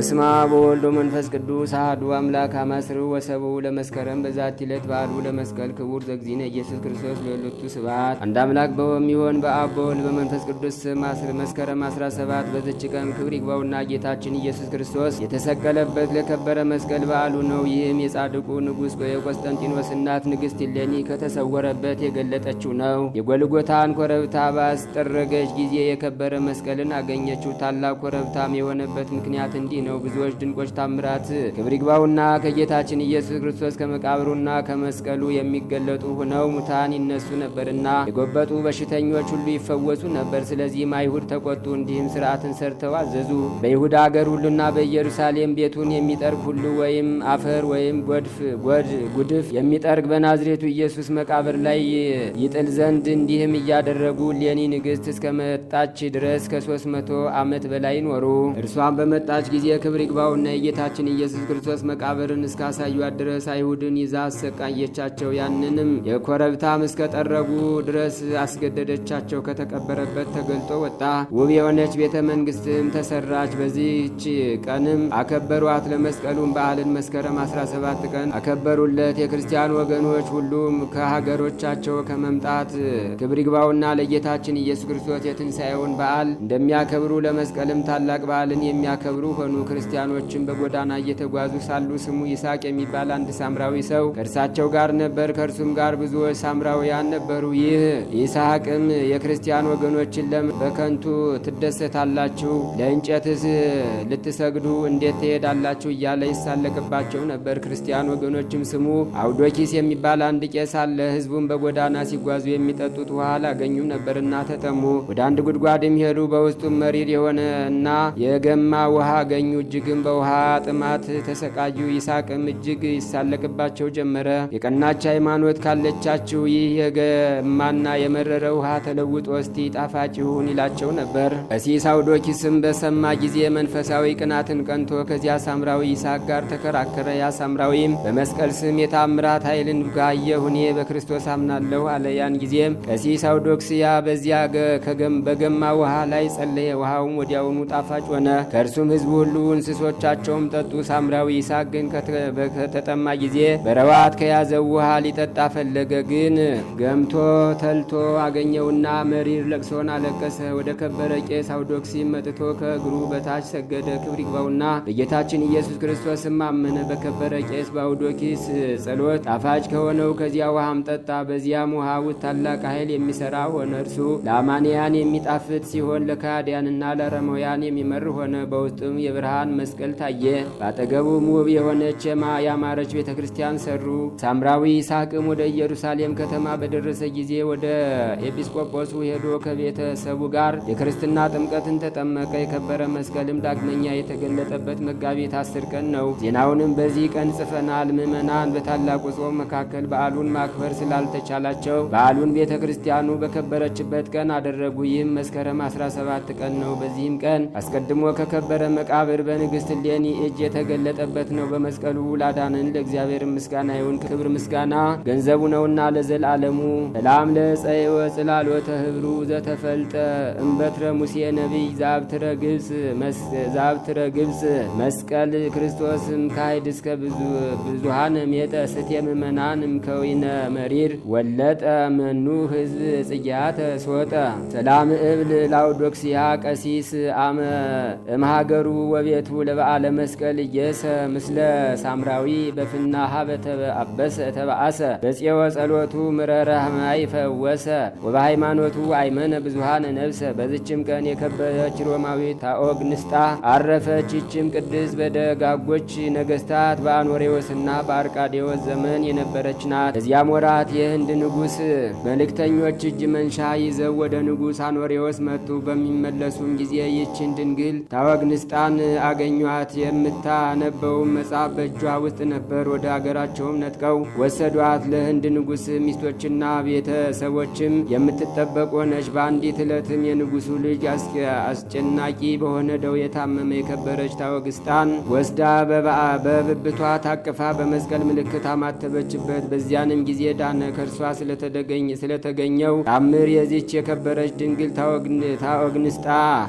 በስማ በወልዶ መንፈስ ቅዱስ አህዱ አምላክ አማስር ወሰቡ ለመስከረም በዛቲ ዕለት በዓሉ ለመስቀል ክቡር ዘግዚነ ኢየሱስ ክርስቶስ ለሁለቱ ስብሐት አንድ አምላክ በሚሆን በአብ በወልድ በመንፈስ ቅዱስ ስም መስከረም 17 በዝች ቀን ክብር ይግባውና ጌታችን ኢየሱስ ክርስቶስ የተሰቀለበት ለከበረ መስቀል በዓሉ ነው። ይህም የጻድቁ ንጉሥ የቆስጠንጢኖስ እናት ንግሥት እሌኒ ከተሰወረበት የገለጠችው ነው። የጎልጎታን ኮረብታ ባስጠረገች ጊዜ የከበረ መስቀልን አገኘችው። ታላቅ ኮረብታም የሆነበት ምክንያት እንዲህ ነው። ነው። ብዙዎች ድንቆች ታምራት ክብር ይግባውና ከጌታችን ኢየሱስ ክርስቶስ ከመቃብሩና ከመስቀሉ የሚገለጡ ሆነው ሙታን ይነሱ ነበርና የጎበጡ በሽተኞች ሁሉ ይፈወሱ ነበር። ስለዚህም አይሁድ ተቆጡ። እንዲህም ስርዓትን ሰርተው አዘዙ። በይሁዳ አገር ሁሉና በኢየሩሳሌም ቤቱን የሚጠርግ ሁሉ ወይም አፈር ወይም ጎድፍ ጉድፍ የሚጠርግ በናዝሬቱ ኢየሱስ መቃብር ላይ ይጥል ዘንድ እንዲህም እያደረጉ ሌኒ ንግሥት እስከመጣች ድረስ ከ3ስት መቶ ዓመት በላይ ኖሩ። እርሷን በመጣች ጊዜ ክብር ይግባውና የጌታችን ኢየሱስ ክርስቶስ መቃብርን እስካሳዩአት ድረስ አይሁድን ይዛ አሰቃየቻቸው። ያንንም የኮረብታም እስከጠረጉ ድረስ አስገደደቻቸው። ከተቀበረበት ተገልጦ ወጣ። ውብ የሆነች ቤተ መንግስትም ተሰራች። በዚህች ቀንም አከበሯት። ለመስቀሉን በዓልን መስከረም 17 ቀን አከበሩለት። የክርስቲያን ወገኖች ሁሉም ከሀገሮቻቸው ከመምጣት ክብር ይግባውና ለጌታችን ኢየሱስ ክርስቶስ የትንሣኤውን በዓል እንደሚያከብሩ ለመስቀልም ታላቅ በዓልን የሚያከብሩ ሆኑ። ክርስቲያኖችን በጎዳና እየተጓዙ ሳሉ ስሙ ይስሐቅ የሚባል አንድ ሳምራዊ ሰው ከእርሳቸው ጋር ነበር። ከእርሱም ጋር ብዙዎች ሳምራውያን ነበሩ። ይህ ይስሐቅም የክርስቲያን ወገኖችን ለምን በከንቱ ትደሰታላችሁ? ለእንጨትስ ልትሰግዱ እንዴት ትሄዳላችሁ? እያለ ይሳለቅባቸው ነበር። ክርስቲያን ወገኖችም ስሙ አውዶኪስ የሚባል አንድ ቄስ አለ። ህዝቡም በጎዳና ሲጓዙ የሚጠጡት ውሃ አላገኙም ነበርና ተጠሙ። ወደ አንድ ጉድጓድም ሄዱ። በውስጡም መሪር የሆነ እና የገማ ውሃ አገኙ። እጅግም በውሃ ጥማት ተሰቃዩ። ይሳቅም እጅግ ይሳለቅባቸው ጀመረ። የቀናች ሃይማኖት ካለቻችሁ ይህ የገማና የመረረ ውሃ ተለውጦ እስቲ ጣፋጭ ይሁን ይላቸው ነበር። ቀሲሳውዶኪስም በሰማ ጊዜ መንፈሳዊ ቅናትን ቀንቶ ከዚያ ሳምራዊ ይሳቅ ጋር ተከራከረ። ያ ሳምራዊም በመስቀል ስም የታምራት ኃይልን ጋየሁ እኔ በክርስቶስ አምናለሁ አለ። ያን ጊዜም ቀሲሳውዶክስያ በዚያ በገማ ውሃ ላይ ጸለየ። ውሃውም ወዲያውኑ ጣፋጭ ሆነ። ከእርሱም ሕዝቡ ሁሉ እንስሶቻቸውም ጠጡ። ሳምራዊ ይስሐቅ ግን ከተጠማ ጊዜ በረባት ከያዘው ውሃ ሊጠጣ ፈለገ። ግን ገምቶ ተልቶ አገኘውና መሪር ለቅሶን አለቀሰ። ወደ ከበረ ቄስ አውዶክሲም መጥቶ ከእግሩ በታች ሰገደ። ክብር ይግባውና በጌታችን ኢየሱስ ክርስቶስ አመነ። በከበረ ቄስ በአውዶኪስ ጸሎት ጣፋጭ ከሆነው ከዚያ ውሃም ጠጣ። በዚያም ውሃ ውስጥ ታላቅ ኃይል የሚሰራ ሆነ። እርሱ ለአማንያን የሚጣፍጥ ሲሆን ለካህዲያንና ለረመውያን የሚመር ሆነ። በውስጡም የብርሃ ብርሃን መስቀል ታየ። በአጠገቡም ውብ የሆነች የማ ያማረች ቤተ ክርስቲያን ሰሩ። ሳምራዊ ይስሐቅም ወደ ኢየሩሳሌም ከተማ በደረሰ ጊዜ ወደ ኤጲስቆጶሱ ሄዶ ከቤተሰቡ ጋር የክርስትና ጥምቀትን ተጠመቀ። የከበረ መስቀልም ዳግመኛ የተገለጠበት መጋቢት አስር ቀን ነው። ዜናውንም በዚህ ቀን ጽፈናል። ምዕመናን በታላቁ ጾም መካከል በዓሉን ማክበር ስላልተቻላቸው በዓሉን ቤተ ክርስቲያኑ በከበረችበት ቀን አደረጉ። ይህም መስከረም 17 ቀን ነው። በዚህም ቀን አስቀድሞ ከከበረ መቃብር ክብር በንግሥት ሌኒ እጅ የተገለጠበት ነው። በመስቀሉ ላዳነን ለእግዚአብሔር ምስጋና ይሁን። ክብር ምስጋና ገንዘቡ ነውና ለዘላለሙ። ሰላም ለጸይ ወጽላሎተ ህብሩ ዘተፈልጠ እምበትረ ሙሴ ነቢይ ዛብትረ ግብፅ ዛብትረ ግብፅ መስቀል ክርስቶስም ካይድ እስከ ብዙሃን ሜጠ ስቴ ምእመናንም ከወይነ መሪር ወለጠ መኑ ህዝብ ጽያተ ስወጠ ሰላም እብል ላውዶክስያ ቀሲስ አመ እምሃገሩ ወቤ ቤቱ ለበዓለ መስቀል እየሰ ምስለ ሳምራዊ በፍናሃ ተበአበሰ ተበአሰ በፄወ ጸሎቱ ምረረ ህማይ ፈወሰ ወበሃይማኖቱ አይመነ ብዙሃን ነብሰ። በዝችም ቀን የከበረች ሮማዊት ታኦግ ንስጣ አረፈች። ይችም ቅድስት በደጋጎች ነገስታት በአኖሬዎስና በአርቃዴዎስ ዘመን የነበረች ናት። እዚያም ወራት የህንድ ንጉስ መልእክተኞች እጅ መንሻ ይዘው ወደ ንጉስ አኖሬዎስ መጡ። በሚመለሱም ጊዜ ይችን ድንግል ታወግ ንስጣን አገኟት። የምታነበው መጽሐፍ በእጇ ውስጥ ነበር። ወደ አገራቸውም ነጥቀው ወሰዷት። ለህንድ ንጉሥ ሚስቶችና ቤተሰቦችም የምትጠበቅ ሆነች። በአንዲት ዕለትም የንጉሱ ልጅ አስጨናቂ በሆነ ደው የታመመ የከበረች ታወግስጣን ወስዳ በብብቷ ታቅፋ በመስቀል ምልክት አማተበችበት። በዚያንም ጊዜ ዳነ። ከእርሷ ስለተገኘው ታምር የዚች የከበረች ድንግል ታወግንስጣ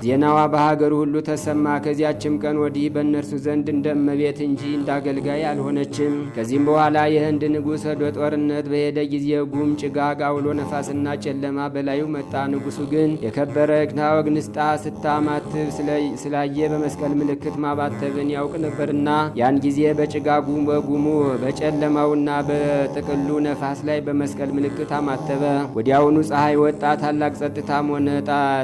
ዜናዋ በሀገሩ ሁሉ ተሰማ። ከዚያችም ቀን ወዲህ በእነርሱ ዘንድ እንደ እመቤት እንጂ አገልጋይ አልሆነችም። ከዚህም በኋላ የህንድ ንጉሥ ወደ ጦርነት በሄደ ጊዜ ጉም፣ ጭጋግ፣ አውሎ ነፋስና ጨለማ በላዩ መጣ። ንጉሱ ግን የከበረ እግናወግ ንስጣ ስታማትብ ስላየ በመስቀል ምልክት ማባተብን ያውቅ ነበርና ያን ጊዜ በጭጋጉ በጉሙ በጨለማውና በጥቅሉ ነፋስ ላይ በመስቀል ምልክት አማተበ። ወዲያውኑ ፀሐይ ወጣ። ታላቅ ጸጥታም ሆነ።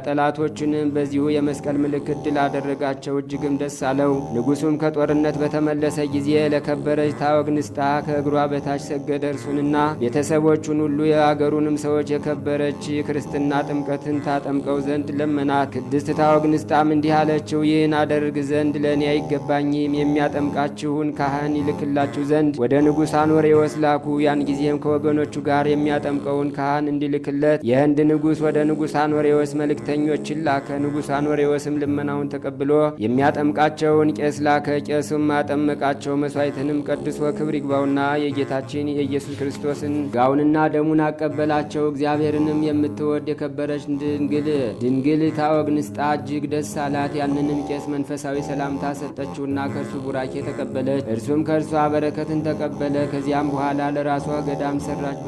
ጠላቶችንም በዚሁ የመስቀል ምልክት ድል አደረጋቸው። እጅግም ደስ አለው። ንጉሱም ከጦርነት በተመለሰ ጊዜ ለከበረች ታወግንስጣ ከእግሯ በታች ሰገደ። እርሱንና ቤተሰቦቹን ሁሉ የአገሩንም ሰዎች የከበረች ክርስትና ጥምቀትን ታጠምቀው ዘንድ ለመናት። ቅድስት ታወግንስጣም እንዲህ አለችው፣ ይህን አደርግ ዘንድ ለእኔ አይገባኝም። የሚያጠምቃችሁን ካህን ይልክላችሁ ዘንድ ወደ ንጉሥ አኖሬዎስ ላኩ። ያን ጊዜም ከወገኖቹ ጋር የሚያጠምቀውን ካህን እንዲልክለት የህንድ ንጉሥ ወደ ንጉሥ አኖሬዎስ መልእክተኞችን ላከ። ንጉሥ አኖሬዎስም ልመናውን ተቀብሎ የሚያጠምቀ የሚያጠምቃቸውን ቄስ ላከ። ቄስም አጠመቃቸው። መስዋዕትንም ቀድሶ ክብር ይግባውና የጌታችን የኢየሱስ ክርስቶስን ጋውንና ደሙን አቀበላቸው። እግዚአብሔርንም የምትወድ የከበረች ድንግል ድንግል ታወግንስጣ እጅግ ደስ አላት። ያንንም ቄስ መንፈሳዊ ሰላምታ ሰጠችውና ከእርሱ ቡራኬ ተቀበለች። እርሱም ከእርሷ በረከትን ተቀበለ። ከዚያም በኋላ ለራሷ ገዳም ሰራች።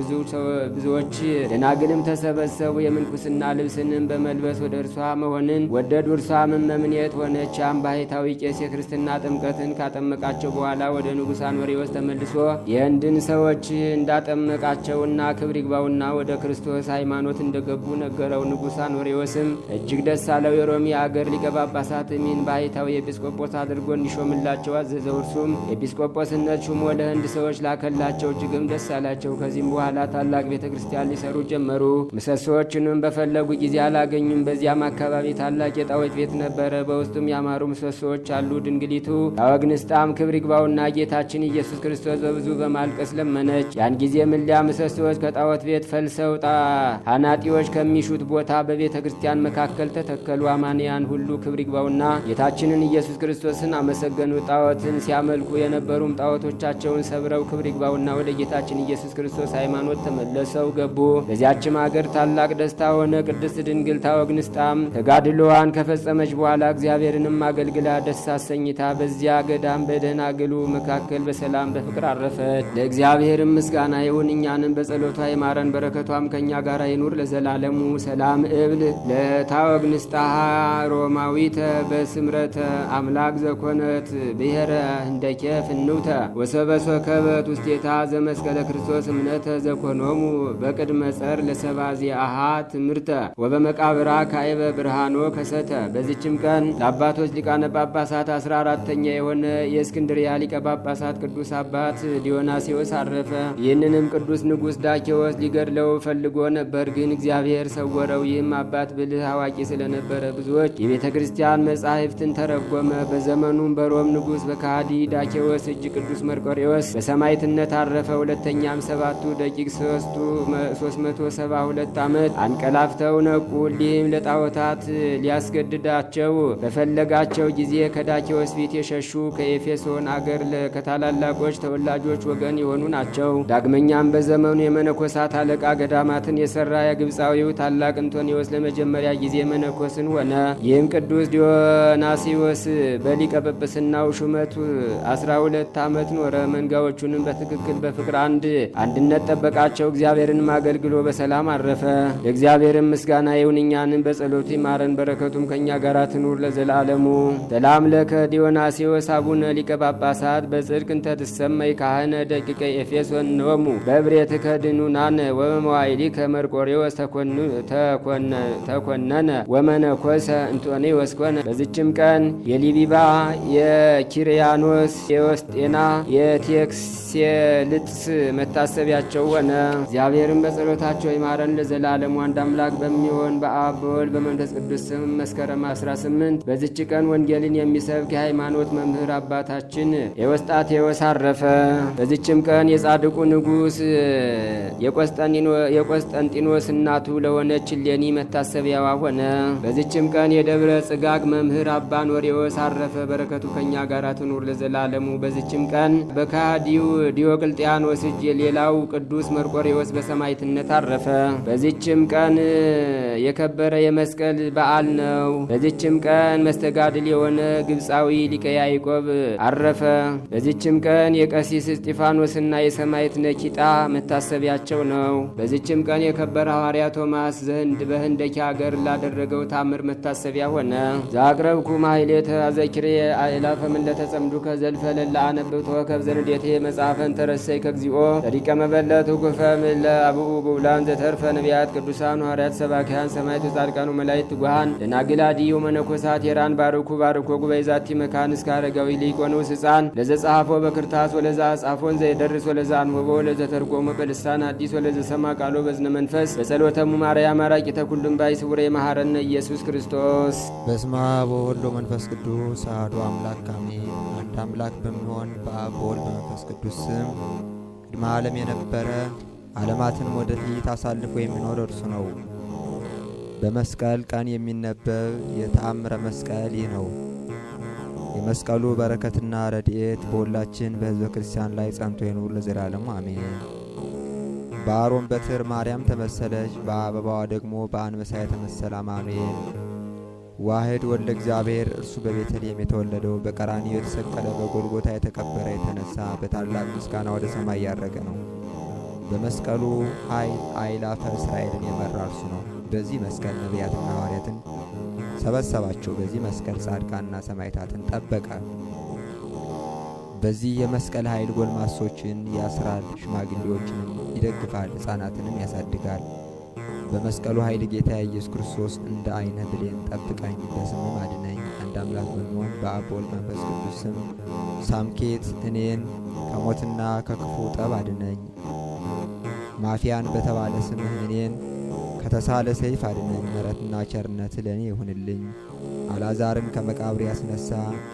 ብዙዎች ደናግልም ተሰበሰቡ። የምንኩስና ልብስንም በመልበስ ወደ እርሷ መሆንን ወደዱ። እርሷ እመምኔት ሆነች። አምባይታ ሐዋርያዊ ቄስ የክርስትና ጥምቀትን ካጠመቃቸው በኋላ ወደ ንጉሥ አኖሪዎስ ተመልሶ የህንድን ሰዎች እንዳጠመቃቸውና ክብር ይግባውና ወደ ክርስቶስ ሃይማኖት እንደገቡ ነገረው። ንጉሥ አኖሪዎስም እጅግ ደስ አለው። የሮሚ አገር ሊቀ ጳጳሳት ሚን ባይታው የኤጲስቆጶስ አድርጎ እንዲሾምላቸው አዘዘው። እርሱም ኤጲስቆጶስነት ሹሞ ለህንድ ሰዎች ላከላቸው። እጅግም ደስ አላቸው። ከዚህም በኋላ ታላቅ ቤተ ክርስቲያን ሊሰሩ ጀመሩ። ምሰሶዎችንም በፈለጉ ጊዜ አላገኙም። በዚያም አካባቢ ታላቅ የጣዖት ቤት ነበረ። በውስጡም ያማሩ ምሰሶ ሰዎች አሉ። ድንግሊቱ አወግንስጣም ክብር ይግባውና ጌታችን ኢየሱስ ክርስቶስ በብዙ በማልቀስ ለመነች። ያን ጊዜ ምልያ ምሰሶዎች ከጣዖት ቤት ፈልሰው አናጢዎች ከሚሹት ቦታ በቤተ ክርስቲያን መካከል ተተከሉ። አማንያን ሁሉ ክብር ይግባውና ጌታችንን ኢየሱስ ክርስቶስን አመሰገኑ። ጣዖትን ሲያመልኩ የነበሩም ጣዖቶቻቸውን ሰብረው ክብር ይግባውና ወደ ጌታችን ኢየሱስ ክርስቶስ ሃይማኖት ተመለሰው ገቡ። በዚያችም አገር ታላቅ ደስታ ሆነ። ቅድስት ድንግል ታወግንስጣም ተጋድሎዋን ከፈጸመች በኋላ እግዚአብሔርንም አገልግላ ብላ ደስ አሰኝታ በዚያ ገዳም በደናግሉ መካከል በሰላም በፍቅር አረፈች። ለእግዚአብሔርም ምስጋና ይሁን፣ እኛንም በጸሎቷ የማረን በረከቷም ከእኛ ጋር ይኑር ለዘላለሙ። ሰላም እብል ለታወግ ንስጣሃ ሮማዊተ በስምረተ አምላክ ዘኮነት ብሔረ እንደኬፍ ፍንውተ ወሰበሶ ከበት ውስቴታ ዘመስቀለ ክርስቶስ እምነተ ዘኮኖሙ በቅድመ ጸር ለሰባዚ አሃ ትምህርተ ወበመቃብራ ካይበ ብርሃኖ ከሰተ በዚችም ቀን ለአባቶች ሊቃነ ጳጳሳት አስራ አራተኛ የሆነ የእስክንድርያ ሊቀ ጳጳሳት ቅዱስ አባት ዲዮናሲዎስ አረፈ። ይህንንም ቅዱስ ንጉሥ ዳኪዎስ ሊገድለው ፈልጎ ነበር፣ ግን እግዚአብሔር ሰወረው። ይህም አባት ብልህ አዋቂ ስለነበረ ብዙዎች የቤተ ክርስቲያን መጻሕፍትን ተረጎመ። በዘመኑም በሮም ንጉሥ በካሃዲ ዳኪዎስ እጅ ቅዱስ መርቆሪዎስ በሰማይትነት አረፈ። ሁለተኛም ሰባቱ ደቂቅ ሶስቱ 372 ዓመት አንቀላፍተው ነቁ። እሊህም ለጣዖታት ሊያስገድዳቸው በፈለጋቸው ጊዜ ጊዜ ከዳኪዎስ ፊት የሸሹ ከኤፌሶን አገር ከታላላቆች ተወላጆች ወገን የሆኑ ናቸው። ዳግመኛም በዘመኑ የመነኮሳት አለቃ ገዳማትን የሰራ የግብፃዊው ታላቅ እንቶኒዎስ ለመጀመሪያ ጊዜ መነኮስን ሆነ። ይህም ቅዱስ ዲዮናሲዎስ በሊቀ ጵጵስናው ሹመቱ 12 ዓመት ኖረ። መንጋዎቹንም በትክክል በፍቅር አንድ አንድነት ጠበቃቸው። እግዚአብሔርን አገልግሎ በሰላም አረፈ። ለእግዚአብሔርም ምስጋና ይሁን እኛንም በጸሎቱ ይማረን በረከቱም ከእኛ ጋር ትኑር ለዘላለሙ። ለአምለከ ዲዮናሲዎስ አቡነ ሊቀ ጳጳሳት በጽድቅ እንተ ትሰመይ ካህነ ደቂቀ ኤፌሶን ኖሙ በብሬትከ ድኑናነ ወመዋይሊከ መርቆሬዎስ ተኮነነ ወመነኮሰ እንጦኔዎስ ወስኮነ በዚችም ቀን የሊቢባ የኪርያኖስ የወስጤና የቴክስ ሴልጥስ መታሰቢያቸው ሆነ። እግዚአብሔርም በጸሎታቸው ይማረን ለዘላለሙ። አንድ አምላክ በሚሆን በአብ በወልድ በመንፈስ ቅዱስ ስም መስከረም 18 በዚች ቀን ወንጌልን የሚሰብክ የሃይማኖት መምህር አባታችን ኤዎስጣቴዎስ አረፈ። በዚችም ቀን የጻድቁ ንጉሥ የቆስጠንጢኖስ እናቱ ለሆነች ሌኒ መታሰቢያዋ ሆነ። በዚችም ቀን የደብረ ጽጋግ መምህር አባ ኖሬዎስ አረፈ። በረከቱ ከእኛ ጋር ትኑር ለዘላለሙ። በዚችም ቀን በካዲው ዲዮቅልጥያኖስ እጅ ሌላው ቅዱስ መርቆሬዎስ በሰማዕትነት አረፈ። በዚችም ቀን የከበረ የመስቀል በዓል ነው። በዚችም ቀን መስተጋድል የሆነ ግብፃዊ ሊቀ ያዕቆብ አረፈ። በዚችም ቀን የቀሲስ እስጢፋኖስና የሰማዕት ነኪጣ መታሰቢያቸው ነው። በዚችም ቀን የከበረ ሐዋርያ ቶማስ ዘንድ በህንደኪ አገር ላደረገው ታምር መታሰቢያ ሆነ። ዛቅረብኩ ማይሌተ አዘኪሬ አእላፈ ምለተጸምዱከ ዘልፈለላ አነብብተ ወከብ መጽሐፍ ማፈን ተረሰይ ከግዚኦ ጸዲቀ መበለት ኩፈ ምለ አብኡ ብውላን ዘተርፈ ነቢያት ቅዱሳን ሐዋርያት ሰባኪያን ሰማዕት ጻድቃኑ ጉሃን ደናግላ ድዩ መነኮሳት የራን ባርኩ ባርኮ ጉባኤ ዛቲ መካን እስከ አረጋዊ ሊቆኖስ ሕፃን ለዘጸሐፎ በክርታስ ወለዛ ጻፎን ዘየደርስ ወለዛ አንበቦ ለዘተርጎሞ በልሳን አዲስ ወለዘሰማ ቃሎ በዝነ መንፈስ በጸሎተሙ ማርያ ማራቂ ተኩልም ባይ ስውረ መሐረነ ኢየሱስ ክርስቶስ በስማ በወሎ መንፈስ ቅዱስ አዶ አምላክ አሜን። አምላክ በሚሆን በአብ በመንፈስ ቅዱስ ስም ቅድመ ዓለም የነበረ ዓለማትን ወደፊት አሳልፎ የሚኖር እርሱ ነው። በመስቀል ቀን የሚነበብ የተአምረ መስቀል ይህ ነው። የመስቀሉ በረከትና ረድኤት በሁላችን በሕዝበ ክርስቲያን ላይ ጸንቶ ይኑር ለዘላለሙ አሜን። በአሮን በትር ማርያም ተመሰለች፣ በአበባዋ ደግሞ በአንበሳ የተመሰለ አማኑኤል ዋህድ ወልደ እግዚአብሔር እርሱ በቤተልሔም የተወለደው በቀራንዮ የተሰቀለ በጎልጎታ የተቀበረ የተነሳ በታላቅ ምስጋና ወደ ሰማይ ያረገ ነው። በመስቀሉ ኃይል አይላፈ እስራኤልን የመራ እርሱ ነው። በዚህ መስቀል ነቢያትና ሐዋርያትን ሰበሰባቸው። በዚህ መስቀል ጻድቃንና ሰማዕታትን ጠበቀ። በዚህ የመስቀል ኃይል ጎልማሶችን ያስራል፣ ሽማግሌዎችንም ይደግፋል፣ ሕፃናትንም ያሳድጋል። በመስቀሉ ኃይል ጌታ ኢየሱስ ክርስቶስ እንደ አይነ ብሌን ጠብቀኝ፣ በስምም አድነኝ። አንድ አምላክ በሚሆን በአብ መንፈስ ቅዱስ ስም ሳምኬት እኔን ከሞትና ከክፉ ጠብ አድነኝ። ማፊያን በተባለ ስምህ እኔን ከተሳለ ሰይፍ አድነኝ። ምሕረትና ቸርነት ለእኔ ይሁንልኝ። አልዓዛርን ከመቃብር ያስነሳ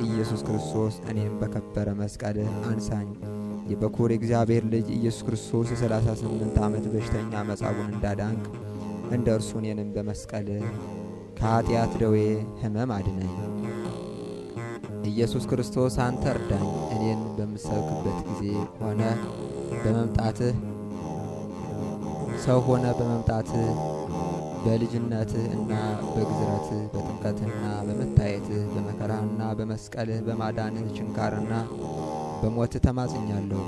ኢየሱስ ክርስቶስ እኔም በከበረ መስቀልህ አንሳኝ። የበኩር የእግዚአብሔር ልጅ ኢየሱስ ክርስቶስ የ38 ዓመት በሽተኛ መጻቡን እንዳዳንክ እንደ እርሱ እኔንም በመስቀል ከኀጢአት ደዌ ሕመም አድነኝ። ኢየሱስ ክርስቶስ አንተ እርዳኝ። እኔን በምሰብክበት ጊዜ ሆነ በመምጣትህ ሰው ሆነ በመምጣትህ በልጅነትህ እና በግዝረትህ በጥምቀትህና በመታየትህ በመከራህና በመስቀልህ በማዳንህ ችንካርና በሞት ተማጽኛለሁ።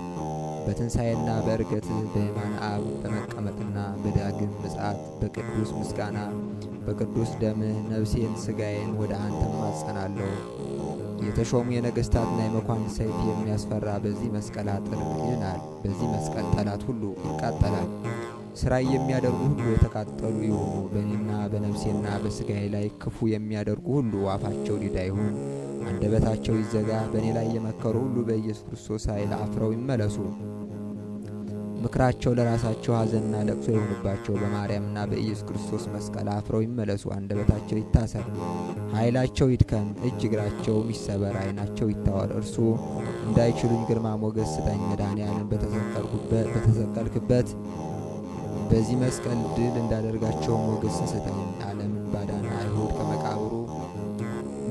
በትንሣኤና በእርገት በየማነ አብ በመቀመጥና በዳግም ምጽአት በቅዱስ ምስጋና በቅዱስ ደምህ ነፍሴን ሥጋዬን ወደ አንተ ማጸናለሁ። የተሾሙ የነገሥታትና የመኳንንት ሰይፍ የሚያስፈራ በዚህ መስቀል አጥር ይናል። በዚህ መስቀል ጠላት ሁሉ ይቃጠላል። ስራይ የሚያደርጉ ሁሉ የተቃጠሉ ይሁኑ። በእኔና በነፍሴና በሥጋዬ ላይ ክፉ የሚያደርጉ ሁሉ አፋቸው ዲዳ ይሁን። አንደበታቸው ይዘጋ። በእኔ ላይ የመከሩ ሁሉ በኢየሱስ ክርስቶስ ኃይል አፍረው ይመለሱ። ምክራቸው ለራሳቸው ሐዘንና ለቅሶ የሆኑባቸው በማርያምና በኢየሱስ ክርስቶስ መስቀል አፍረው ይመለሱ። አንደበታቸው ይታሰር፣ ኃይላቸው ይድከም፣ እጅ እግራቸውም ይሰበር፣ ዓይናቸው ይታወር። እርሱ እንዳይችሉኝ ግርማ ሞገስ ስጠኝ። መድኃኔዓለም በተሰቀልክበት በዚህ መስቀል ድል እንዳደርጋቸው ሞገስ ስጠኝ።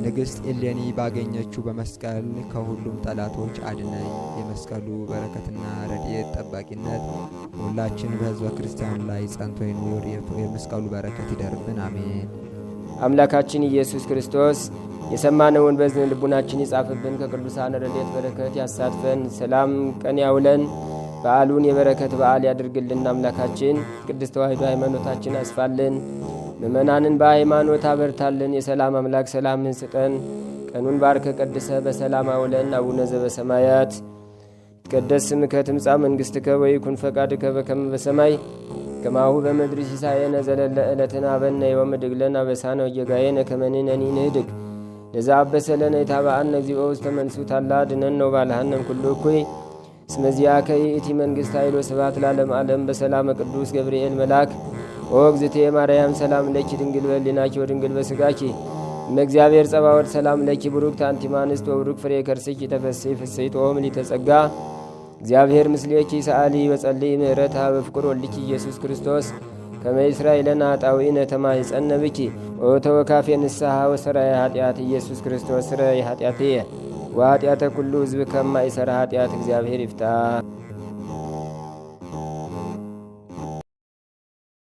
ንግሥት ኤሌኒ ባገኘችው በመስቀል ከሁሉም ጠላቶች አድነኝ። የመስቀሉ በረከትና ረድኤት ጠባቂነት ሁላችን በሕዝበ ክርስቲያን ላይ ጸንቶ ይኑር። የመስቀሉ በረከት ይደርብን፣ አሜን። አምላካችን ኢየሱስ ክርስቶስ የሰማነውን በዝን ልቡናችን ይጻፍብን፣ ከቅዱሳን ረድኤት በረከት ያሳትፈን፣ ሰላም ቀን ያውለን። በዓሉን የበረከት በዓል ያድርግልን። አምላካችን ቅድስት ተዋሕዶ ሃይማኖታችን አስፋልን፣ ምእመናንን በሃይማኖት አበርታልን። የሰላም አምላክ ሰላምን ስጠን። ቀኑን ባርከ ቀድሰ በሰላም አውለን። አቡነ ዘበሰማያት ይትቀደስ ስምከ ትምጻእ መንግሥትከ ወይኩን ፈቃድከ በከመ በሰማይ ከማሁ በምድሪ ሲሳየነ ዘለለ ዕለትነ ሀበነ ዮም ወኅድግ ለነ አበሳነ ወጌጋየነ ከመ ንሕነኒ ንኅድግ ለዘ አበሰ ለነ ኢታብአነ እግዚኦ ውስተ መንሱት አላ አድኅነነ ወባልሐነ እምኩሉ እኩይ እስመዚያ ከይእቲ መንግሥት ኃይሎ ስብሐት ላለም ዓለም በሰላም ቅዱስ ገብርኤል መልአክ ኦ እግዝእቴ ማርያም ሰላም ለኪ ድንግል በኅሊናኪ ወድንግል በሥጋኪ እመ እግዚአብሔር ሰላም ለኪ ብሩክ አንቲ እምአንስት ወብሩክ ፍሬ ከርስኪ ተፈሴ ፍሥሕት ኦ ምልዕተ እግዚአብሔር ምስሌኪ ሰአሊ በጸልይ ምሕረታ በፍቅር ወልኪ ኢየሱስ ክርስቶስ ከመ ይሥራኤለነ ኃጣውኢነ ተማኅፀነ ብኪ ኦ ተወካፌ ንስሐ ወሰራይ ኃጢአት ኢየሱስ ክርስቶስ ስረይ ኃጢአትየ ወኃጢአተ ኩሉ ሕዝብ ከማይሠራ ኃጢአት እግዚአብሔር ይፍታ።